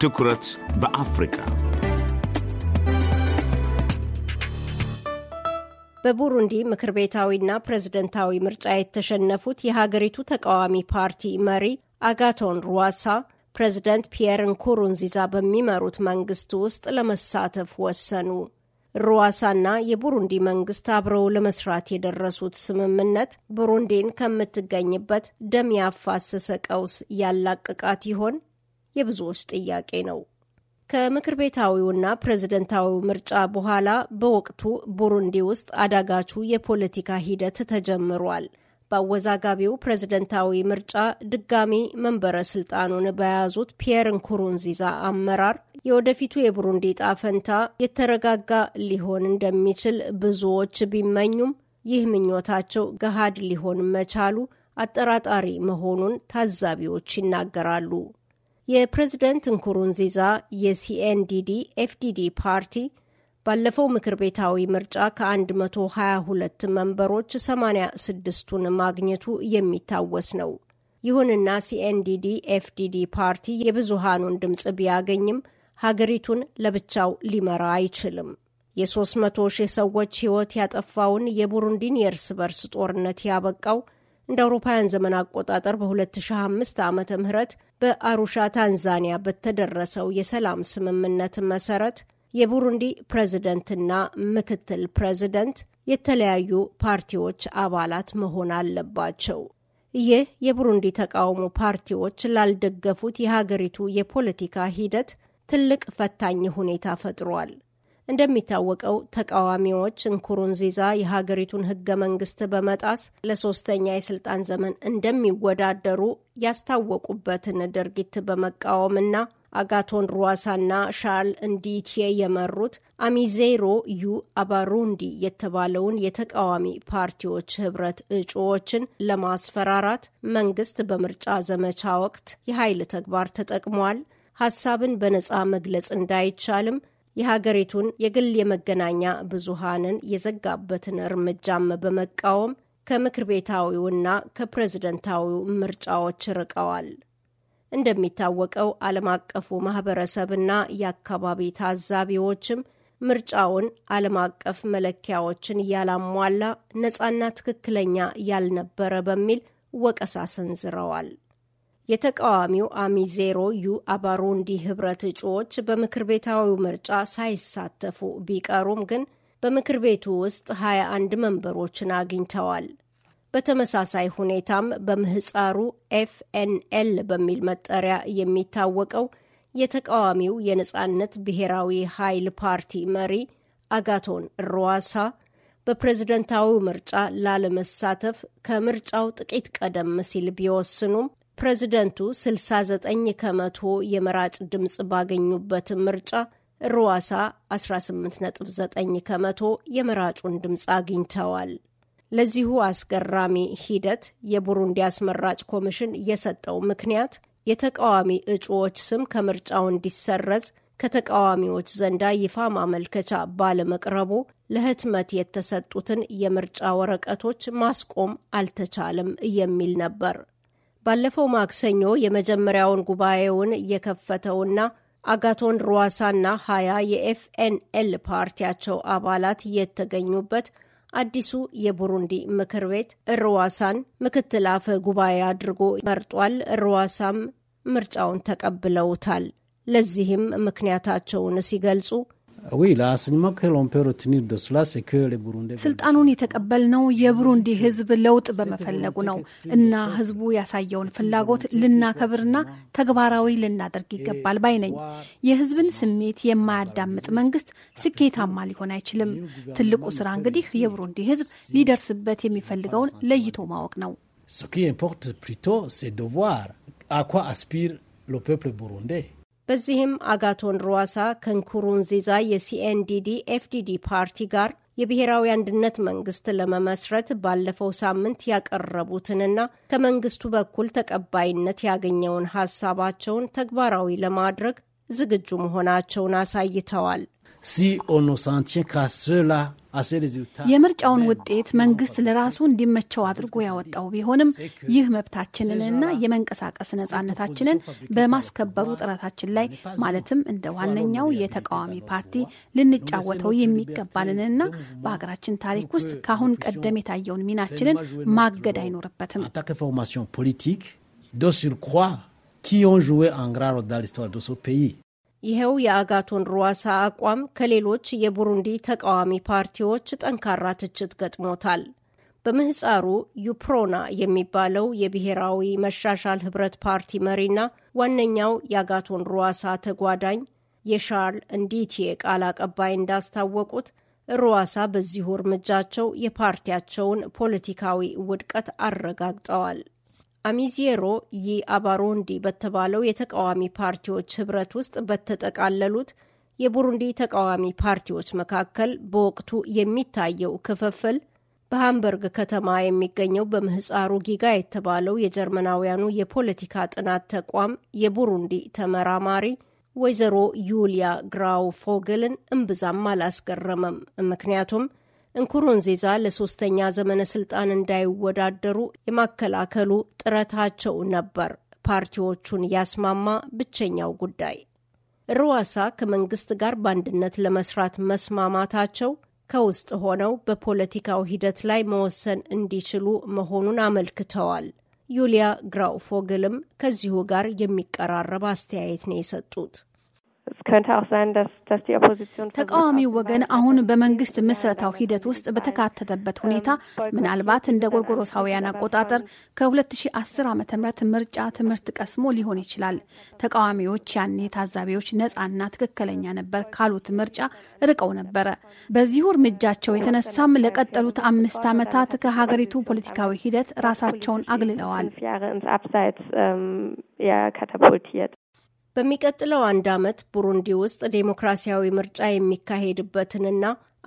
ትኩረት በአፍሪካ በቡሩንዲ ምክር ቤታዊና ፕሬዝደንታዊ ምርጫ የተሸነፉት የሀገሪቱ ተቃዋሚ ፓርቲ መሪ አጋቶን ሩዋሳ ፕሬዝደንት ፒየር ንኩሩንዚዛ በሚመሩት መንግስት ውስጥ ለመሳተፍ ወሰኑ። ሩዋሳና የቡሩንዲ መንግስት አብረው ለመስራት የደረሱት ስምምነት ቡሩንዲን ከምትገኝበት ደም ያፋሰሰ ቀውስ ያላቅቃት ይሆን? የብዙዎች ጥያቄ ነው። ከምክር ቤታዊውና ፕሬዝደንታዊው ምርጫ በኋላ በወቅቱ ቡሩንዲ ውስጥ አዳጋቹ የፖለቲካ ሂደት ተጀምሯል። በአወዛጋቢው ፕሬዝደንታዊ ምርጫ ድጋሚ መንበረ ስልጣኑን በያዙት ፒየር ንኩሩንዚዛ አመራር የወደፊቱ የቡሩንዲ ዕጣ ፈንታ የተረጋጋ ሊሆን እንደሚችል ብዙዎች ቢመኙም ይህ ምኞታቸው ገሃድ ሊሆን መቻሉ አጠራጣሪ መሆኑን ታዛቢዎች ይናገራሉ። የፕሬዝደንት እንኩሩንዚዛ የሲኤንዲዲ ኤፍዲዲ ፓርቲ ባለፈው ምክር ቤታዊ ምርጫ ከ122 መንበሮች 86ቱን ማግኘቱ የሚታወስ ነው። ይሁንና ሲኤንዲዲ ኤፍዲዲ ፓርቲ የብዙሃኑን ድምፅ ቢያገኝም ሀገሪቱን ለብቻው ሊመራ አይችልም። የ300 ሺህ ሰዎች ሕይወት ያጠፋውን የቡሩንዲን የእርስ በርስ ጦርነት ያበቃው እንደ አውሮፓውያን ዘመን አቆጣጠር በ2005 ዓ ም በአሩሻ ታንዛኒያ በተደረሰው የሰላም ስምምነት መሰረት የቡሩንዲ ፕሬዝደንትና ምክትል ፕሬዝደንት የተለያዩ ፓርቲዎች አባላት መሆን አለባቸው። ይህ የቡሩንዲ ተቃውሞ ፓርቲዎች ላልደገፉት የሀገሪቱ የፖለቲካ ሂደት ትልቅ ፈታኝ ሁኔታ ፈጥሯል። እንደሚታወቀው ተቃዋሚዎች እንኩሩንዚዛ የሀገሪቱን ህገ መንግስት በመጣስ ለሶስተኛ የስልጣን ዘመን እንደሚወዳደሩ ያስታወቁበትን ድርጊት በመቃወምና አጋቶን ሩዋሳና ሻርል እንዲቴ የመሩት አሚዜሮ ዩ አባሩንዲ የተባለውን የተቃዋሚ ፓርቲዎች ህብረት እጩዎችን ለማስፈራራት መንግስት በምርጫ ዘመቻ ወቅት የኃይል ተግባር ተጠቅሟል ሀሳብን በነፃ መግለጽ እንዳይቻልም የሀገሪቱን የግል የመገናኛ ብዙሃንን የዘጋበትን እርምጃም በመቃወም ከምክር ቤታዊውና ከፕሬዝደንታዊው ምርጫዎች ርቀዋል። እንደሚታወቀው ዓለም አቀፉ ማህበረሰብና የአካባቢ ታዛቢዎችም ምርጫውን ዓለም አቀፍ መለኪያዎችን ያላሟላ ነፃና ትክክለኛ ያልነበረ በሚል ወቀሳ ሰንዝረዋል። የተቃዋሚው አሚዜሮ ዩ አባሩንዲ ህብረት እጩዎች በምክር ቤታዊው ምርጫ ሳይሳተፉ ቢቀሩም ግን በምክር ቤቱ ውስጥ 21 መንበሮችን አግኝተዋል። በተመሳሳይ ሁኔታም በምህፃሩ ኤፍኤንኤል በሚል መጠሪያ የሚታወቀው የተቃዋሚው የነፃነት ብሔራዊ ኃይል ፓርቲ መሪ አጋቶን ሩዋሳ በፕሬዝደንታዊው ምርጫ ላለመሳተፍ ከምርጫው ጥቂት ቀደም ሲል ቢወስኑም ፕሬዚደንቱ 69 ከመቶ የመራጭ ድምፅ ባገኙበት ምርጫ ሩዋሳ 18.9 ከመቶ የመራጩን ድምፅ አግኝተዋል። ለዚሁ አስገራሚ ሂደት የቡሩንዲ አስመራጭ ኮሚሽን የሰጠው ምክንያት የተቃዋሚ እጩዎች ስም ከምርጫው እንዲሰረዝ ከተቃዋሚዎች ዘንዳ ይፋ ማመልከቻ ባለመቅረቡ ለህትመት የተሰጡትን የምርጫ ወረቀቶች ማስቆም አልተቻለም የሚል ነበር። ባለፈው ማክሰኞ የመጀመሪያውን ጉባኤውን እየከፈተውና አጋቶን ሩዋሳና ሀያ የኤፍኤንኤል ፓርቲያቸው አባላት የተገኙበት አዲሱ የቡሩንዲ ምክር ቤት ሩዋሳን ምክትል አፈ ጉባኤ አድርጎ መርጧል። ሩዋሳም ምርጫውን ተቀብለውታል። ለዚህም ምክንያታቸውን ሲገልጹ ስልጣኑን የተቀበልነው የቡሩንዲ ህዝብ ለውጥ በመፈለጉ ነው እና ህዝቡ ያሳየውን ፍላጎት ልናከብርና ተግባራዊ ልናደርግ ይገባል ባይ ነኝ። የህዝብን ስሜት የማያዳምጥ መንግስት ስኬታማ ሊሆን አይችልም። ትልቁ ስራ እንግዲህ የብሩንዲ ህዝብ ሊደርስበት የሚፈልገውን ለይቶ ማወቅ ነው። Ce qui importe plutôt, c'est de voir à በዚህም አጋቶን ሩዋሳ ከንኩሩንዚዛ የሲኤንዲዲ ኤፍዲዲ ፓርቲ ጋር የብሔራዊ አንድነት መንግስት ለመመስረት ባለፈው ሳምንት ያቀረቡትንና ከመንግስቱ በኩል ተቀባይነት ያገኘውን ሀሳባቸውን ተግባራዊ ለማድረግ ዝግጁ መሆናቸውን አሳይተዋል። si on ne s'en tient qu'à cela የምርጫውን ውጤት መንግስት ለራሱ እንዲመቸው አድርጎ ያወጣው ቢሆንም ይህ መብታችንንና የመንቀሳቀስ ነጻነታችንን በማስከበሩ ጥረታችን ላይ ማለትም እንደ ዋነኛው የተቃዋሚ ፓርቲ ልንጫወተው የሚገባንንና በሀገራችን ታሪክ ውስጥ ከአሁን ቀደም የታየውን ሚናችንን ማገድ አይኖርበትም። ፖሊቲክ ዶ ፔይ ይኸው የአጋቶን ሩዋሳ አቋም ከሌሎች የቡሩንዲ ተቃዋሚ ፓርቲዎች ጠንካራ ትችት ገጥሞታል። በምህፃሩ ዩፕሮና የሚባለው የብሔራዊ መሻሻል ህብረት ፓርቲ መሪና ዋነኛው የአጋቶን ሩዋሳ ተጓዳኝ የሻርል እንዲቴ ቃል አቀባይ እንዳስታወቁት ሩዋሳ በዚሁ እርምጃቸው የፓርቲያቸውን ፖለቲካዊ ውድቀት አረጋግጠዋል። አሚዜሮ ይአባሮንዲ በተባለው የተቃዋሚ ፓርቲዎች ህብረት ውስጥ በተጠቃለሉት የቡሩንዲ ተቃዋሚ ፓርቲዎች መካከል በወቅቱ የሚታየው ክፍፍል በሃምበርግ ከተማ የሚገኘው በምህፃሩ ጊጋ የተባለው የጀርመናውያኑ የፖለቲካ ጥናት ተቋም የቡሩንዲ ተመራማሪ ወይዘሮ ዩሊያ ግራው ፎግልን እምብዛም አላስገረመም። ምክንያቱም እንኩሩንዚዛ ለሶስተኛ ዘመነ ስልጣን እንዳይወዳደሩ የማከላከሉ ጥረታቸው ነበር ፓርቲዎቹን ያስማማ ብቸኛው ጉዳይ። ርዋሳ ከመንግስት ጋር በአንድነት ለመስራት መስማማታቸው ከውስጥ ሆነው በፖለቲካው ሂደት ላይ መወሰን እንዲችሉ መሆኑን አመልክተዋል። ዩሊያ ግራውፎግልም ከዚሁ ጋር የሚቀራረብ አስተያየት ነው የሰጡት። es könnte auch sein, dass, dass die Opposition. ወገን አሁን በመንግስት ምስረታው ሂደት ውስጥ በተካተተበት ሁኔታ ምናልባት እንደ ጎርጎሮሳውያን አቆጣጠር ከ2010 ዓ ም ምርጫ ትምህርት ቀስሞ ሊሆን ይችላል። ተቃዋሚዎች ያኔ ታዛቢዎች ነፃና ትክክለኛ ነበር ካሉት ምርጫ ርቀው ነበረ። በዚሁ እርምጃቸው የተነሳም ለቀጠሉት አምስት ዓመታት ከሀገሪቱ ፖለቲካዊ ሂደት ራሳቸውን አግልለዋል። በሚቀጥለው አንድ ዓመት ቡሩንዲ ውስጥ ዴሞክራሲያዊ ምርጫ የሚካሄድበትንና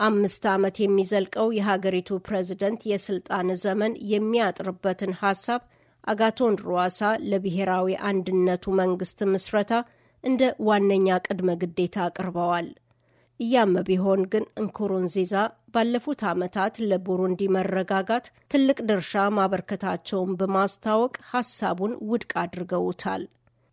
አምስት ዓመት የሚዘልቀው የሀገሪቱ ፕሬዝደንት የስልጣን ዘመን የሚያጥርበትን ሀሳብ አጋቶን ሩዋሳ ለብሔራዊ አንድነቱ መንግስት ምስረታ እንደ ዋነኛ ቅድመ ግዴታ አቅርበዋል። እያመ ቢሆን ግን እንኩሩንዚዛ ባለፉት ዓመታት ለቡሩንዲ መረጋጋት ትልቅ ድርሻ ማበርከታቸውን በማስታወቅ ሀሳቡን ውድቅ አድርገውታል።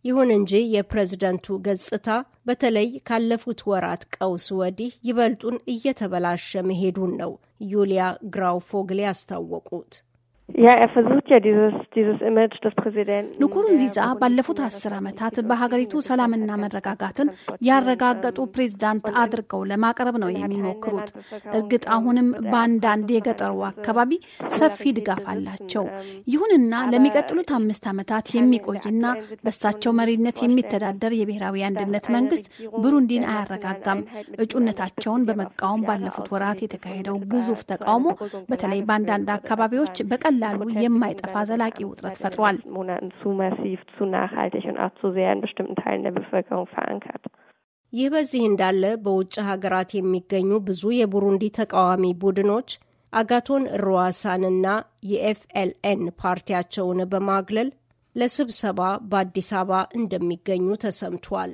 ይሁን እንጂ የፕሬዝደንቱ ገጽታ በተለይ ካለፉት ወራት ቀውስ ወዲህ ይበልጡን እየተበላሸ መሄዱን ነው ዩሊያ ግራውፎግሌ ያስታወቁት። ያ ንኩሩንዚዛ ባለፉት አስር ዓመታት በሀገሪቱ ሰላምና መረጋጋትን ያረጋገጡ ፕሬዝዳንት አድርገው ለማቅረብ ነው የሚሞክሩት። እርግጥ አሁንም በአንዳንድ የገጠሩ አካባቢ ሰፊ ድጋፍ አላቸው። ይሁንና ለሚቀጥሉት አምስት ዓመታት የሚቆይና በእሳቸው መሪነት የሚተዳደር የብሔራዊ አንድነት መንግስት ብሩንዲን አያረጋጋም። እጩነታቸውን በመቃወም ባለፉት ወራት የተካሄደው ግዙፍ ተቃውሞ በተለይ በአንዳንድ አካባቢዎች በቀ በቀላሉ የማይጠፋ ዘላቂ ውጥረት ፈጥሯል። ይህ በዚህ እንዳለ በውጭ ሀገራት የሚገኙ ብዙ የቡሩንዲ ተቃዋሚ ቡድኖች አጋቶን ሩዋሳንና የኤፍኤልኤን ፓርቲያቸውን በማግለል ለስብሰባ በአዲስ አበባ እንደሚገኙ ተሰምቷል።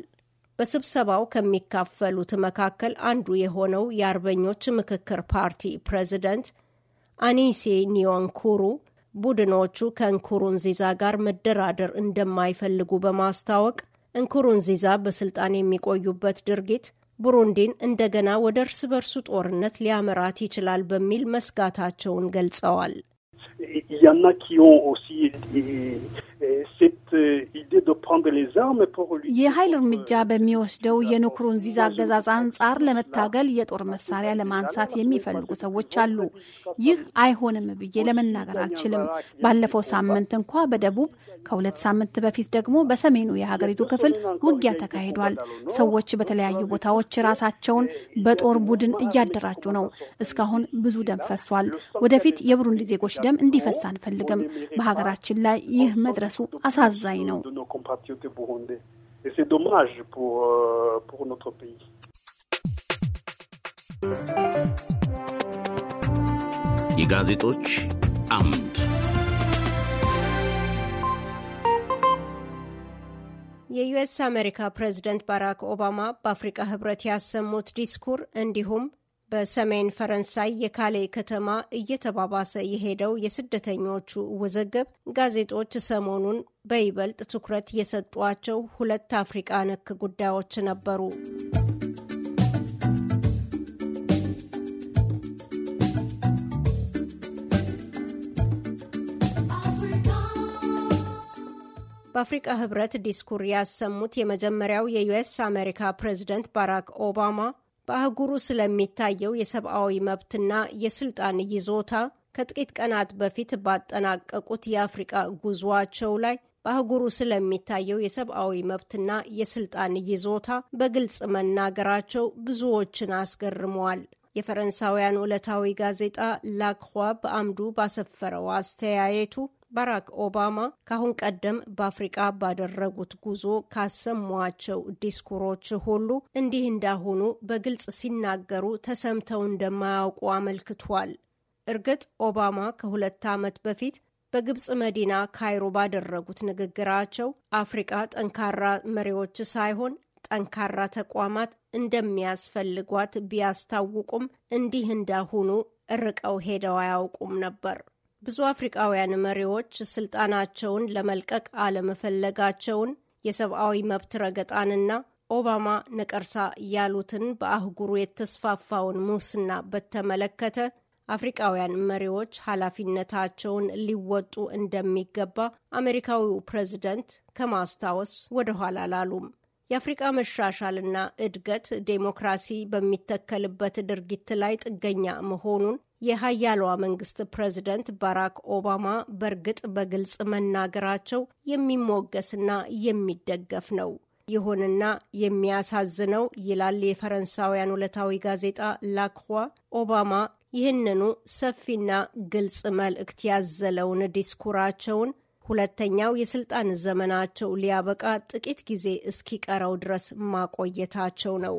በስብሰባው ከሚካፈሉት መካከል አንዱ የሆነው የአርበኞች ምክክር ፓርቲ ፕሬዚደንት አኒሴ ኒዮንኩሩ ቡድኖቹ ከእንኩሩንዚዛ ጋር መደራደር እንደማይፈልጉ በማስታወቅ እንኩሩንዚዛ በስልጣን የሚቆዩበት ድርጊት ቡሩንዲን እንደገና ወደ እርስ በርሱ ጦርነት ሊያመራት ይችላል በሚል መስጋታቸውን ገልጸዋል። Euh, የኃይል እርምጃ በሚወስደው የንኩሩንዚዛ አገዛዝ አንጻር ለመታገል የጦር መሳሪያ ለማንሳት የሚፈልጉ ሰዎች አሉ። ይህ አይሆንም ብዬ ለመናገር አልችልም። ባለፈው ሳምንት እንኳ በደቡብ ከሁለት ሳምንት በፊት ደግሞ በሰሜኑ የሀገሪቱ ክፍል ውጊያ ተካሂዷል። ሰዎች በተለያዩ ቦታዎች ራሳቸውን በጦር ቡድን እያደራጁ ነው። እስካሁን ብዙ ደም ፈሷል። ወደፊት የብሩንዲ ዜጎች ደም እንዲፈሳ አንፈልግም። በሀገራችን ላይ ይህ መድረሱ አሳዛኝ ነው። euh, የጋዜጦች አምድ የዩኤስ አሜሪካ ፕሬዝደንት ባራክ ኦባማ በአፍሪካ ህብረት ያሰሙት ዲስኩር እንዲሁም በሰሜን ፈረንሳይ የካሌ ከተማ እየተባባሰ የሄደው የስደተኞቹ ውዝግብ ጋዜጦች ሰሞኑን በይበልጥ ትኩረት የሰጧቸው ሁለት አፍሪቃ ነክ ጉዳዮች ነበሩ። በአፍሪቃ ህብረት ዲስኩር ያሰሙት የመጀመሪያው የዩኤስ አሜሪካ ፕሬዝደንት ባራክ ኦባማ በአህጉሩ ስለሚታየው የሰብአዊ መብትና የስልጣን ይዞታ ከጥቂት ቀናት በፊት ባጠናቀቁት የአፍሪቃ ጉዟቸው ላይ በአህጉሩ ስለሚታየው የሰብአዊ መብትና የስልጣን ይዞታ በግልጽ መናገራቸው ብዙዎችን አስገርመዋል። የፈረንሳውያን ዕለታዊ ጋዜጣ ላክሯ በአምዱ ባሰፈረው አስተያየቱ ባራክ ኦባማ ከአሁን ቀደም በአፍሪቃ ባደረጉት ጉዞ ካሰሟቸው ዲስኩሮች ሁሉ እንዲህ እንዳሁኑ በግልጽ ሲናገሩ ተሰምተው እንደማያውቁ አመልክቷል። እርግጥ ኦባማ ከሁለት ዓመት በፊት በግብፅ መዲና ካይሮ ባደረጉት ንግግራቸው አፍሪቃ ጠንካራ መሪዎች ሳይሆን ጠንካራ ተቋማት እንደሚያስፈልጓት ቢያስታውቁም እንዲህ እንዳሁኑ ርቀው ሄደው አያውቁም ነበር። ብዙ አፍሪቃውያን መሪዎች ስልጣናቸውን ለመልቀቅ አለመፈለጋቸውን የሰብአዊ መብት ረገጣንና ኦባማ ነቀርሳ ያሉትን በአህጉሩ የተስፋፋውን ሙስና በተመለከተ አፍሪቃውያን መሪዎች ኃላፊነታቸውን ሊወጡ እንደሚገባ አሜሪካዊው ፕሬዝደንት ከማስታወስ ወደ ኋላ አላሉም። የአፍሪቃ መሻሻልና እድገት ዴሞክራሲ በሚተከልበት ድርጊት ላይ ጥገኛ መሆኑን የሀያሏ መንግስት ፕሬዚደንት ባራክ ኦባማ በእርግጥ በግልጽ መናገራቸው የሚሞገስና የሚደገፍ ነው። ይሁንና የሚያሳዝነው ይላል የፈረንሳውያን ዕለታዊ ጋዜጣ ላክሯ፣ ኦባማ ይህንኑ ሰፊና ግልጽ መልእክት ያዘለውን ዲስኩራቸውን ሁለተኛው የስልጣን ዘመናቸው ሊያበቃ ጥቂት ጊዜ እስኪቀረው ድረስ ማቆየታቸው ነው።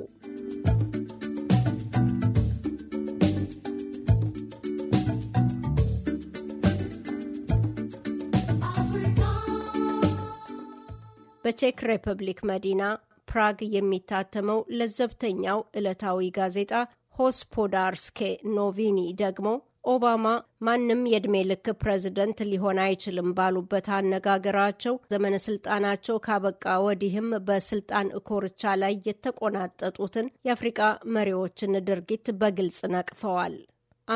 በቼክ ሪፐብሊክ መዲና ፕራግ የሚታተመው ለዘብተኛው ዕለታዊ ጋዜጣ ሆስፖዳርስኬ ኖቪኒ ደግሞ ኦባማ ማንም የዕድሜ ልክ ፕሬዝደንት ሊሆን አይችልም ባሉበት አነጋገራቸው ዘመነ ስልጣናቸው ካበቃ ወዲህም በስልጣን እኮርቻ ላይ የተቆናጠጡትን የአፍሪቃ መሪዎችን ድርጊት በግልጽ ነቅፈዋል።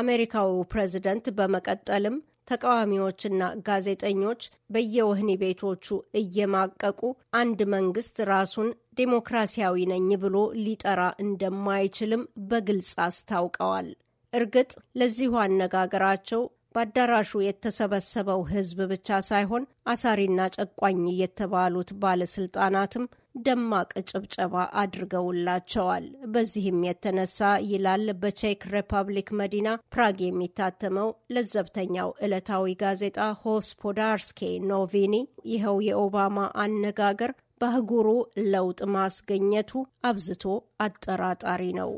አሜሪካዊው ፕሬዝደንት በመቀጠልም ተቃዋሚዎችና ጋዜጠኞች በየወህኒ ቤቶቹ እየማቀቁ አንድ መንግስት ራሱን ዴሞክራሲያዊ ነኝ ብሎ ሊጠራ እንደማይችልም በግልጽ አስታውቀዋል። እርግጥ ለዚሁ አነጋገራቸው በአዳራሹ የተሰበሰበው ህዝብ ብቻ ሳይሆን አሳሪና ጨቋኝ የተባሉት ባለስልጣናትም ደማቅ ጭብጨባ አድርገውላቸዋል። በዚህም የተነሳ ይላል በቼክ ሪፐብሊክ መዲና ፕራግ የሚታተመው ለዘብተኛው ዕለታዊ ጋዜጣ ሆስፖዳርስኬ ኖቪኒ ይኸው የኦባማ አነጋገር በአህጉሩ ለውጥ ማስገኘቱ አብዝቶ አጠራጣሪ ነው።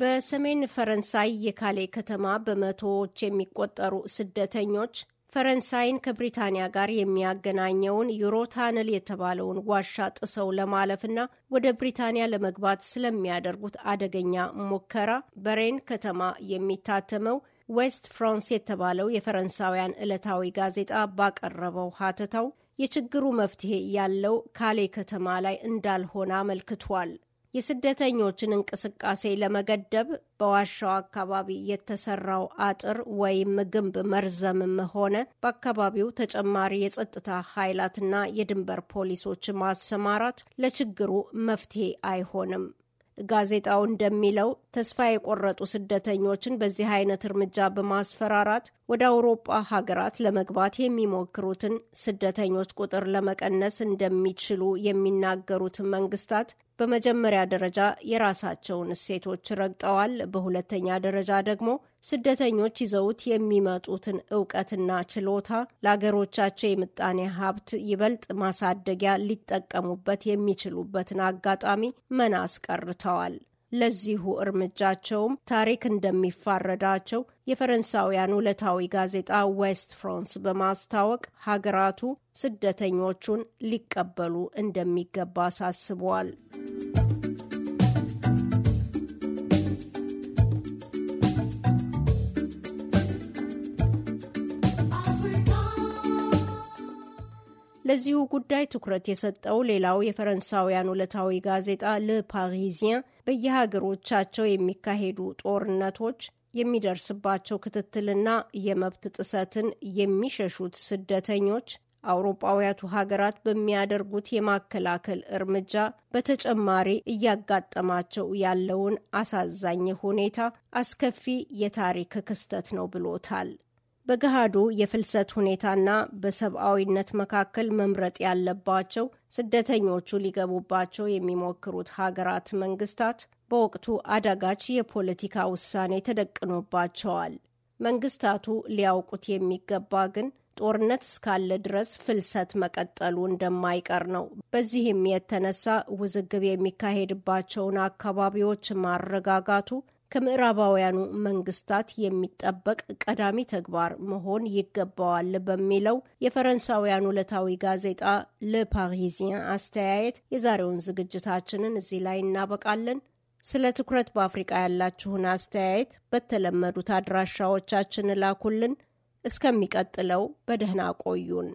በሰሜን ፈረንሳይ የካሌ ከተማ በመቶዎች የሚቆጠሩ ስደተኞች ፈረንሳይን ከብሪታንያ ጋር የሚያገናኘውን ዩሮታንል የተባለውን ዋሻ ጥሰው ለማለፍና ወደ ብሪታንያ ለመግባት ስለሚያደርጉት አደገኛ ሙከራ በሬን ከተማ የሚታተመው ዌስት ፍራንስ የተባለው የፈረንሳውያን ዕለታዊ ጋዜጣ ባቀረበው ሀተታው የችግሩ መፍትሄ ያለው ካሌ ከተማ ላይ እንዳልሆነ አመልክቷል። የስደተኞችን እንቅስቃሴ ለመገደብ በዋሻው አካባቢ የተሰራው አጥር ወይም ግንብ መርዘምም ሆነ በአካባቢው ተጨማሪ የጸጥታ ኃይላትና የድንበር ፖሊሶች ማሰማራት ለችግሩ መፍትሄ አይሆንም። ጋዜጣው እንደሚለው ተስፋ የቆረጡ ስደተኞችን በዚህ አይነት እርምጃ በማስፈራራት ወደ አውሮጳ ሀገራት ለመግባት የሚሞክሩትን ስደተኞች ቁጥር ለመቀነስ እንደሚችሉ የሚናገሩት መንግስታት በመጀመሪያ ደረጃ የራሳቸውን እሴቶች ረግጠዋል። በሁለተኛ ደረጃ ደግሞ ስደተኞች ይዘውት የሚመጡትን እውቀትና ችሎታ ለአገሮቻቸው የምጣኔ ሀብት ይበልጥ ማሳደጊያ ሊጠቀሙበት የሚችሉበትን አጋጣሚ መና አስቀርተዋል። ለዚሁ እርምጃቸውም ታሪክ እንደሚፋረዳቸው የፈረንሳውያን ዕለታዊ ጋዜጣ ዌስት ፍራንስ በማስታወቅ ሀገራቱ ስደተኞቹን ሊቀበሉ እንደሚገባ አሳስበዋል። ለዚሁ ጉዳይ ትኩረት የሰጠው ሌላው የፈረንሳውያን ዕለታዊ ጋዜጣ ለፓሪዚያን በየሀገሮቻቸው የሚካሄዱ ጦርነቶች የሚደርስባቸው ክትትልና የመብት ጥሰትን የሚሸሹት ስደተኞች አውሮፓውያቱ ሀገራት በሚያደርጉት የማከላከል እርምጃ በተጨማሪ እያጋጠማቸው ያለውን አሳዛኝ ሁኔታ አስከፊ የታሪክ ክስተት ነው ብሎታል። በገሃዱ የፍልሰት ሁኔታና በሰብአዊነት መካከል መምረጥ ያለባቸው ስደተኞቹ ሊገቡባቸው የሚሞክሩት ሀገራት መንግስታት በወቅቱ አዳጋች የፖለቲካ ውሳኔ ተደቅኖባቸዋል። መንግስታቱ ሊያውቁት የሚገባ ግን ጦርነት እስካለ ድረስ ፍልሰት መቀጠሉ እንደማይቀር ነው። በዚህም የተነሳ ውዝግብ የሚካሄድባቸውን አካባቢዎች ማረጋጋቱ ከምዕራባውያኑ መንግስታት የሚጠበቅ ቀዳሚ ተግባር መሆን ይገባዋል በሚለው የፈረንሳውያኑ ዕለታዊ ጋዜጣ ለፓሪዚያን አስተያየት የዛሬውን ዝግጅታችንን እዚህ ላይ እናበቃለን። ስለ ትኩረት በአፍሪቃ ያላችሁን አስተያየት በተለመዱት አድራሻዎቻችን ላኩልን። እስከሚቀጥለው በደህና ቆዩን።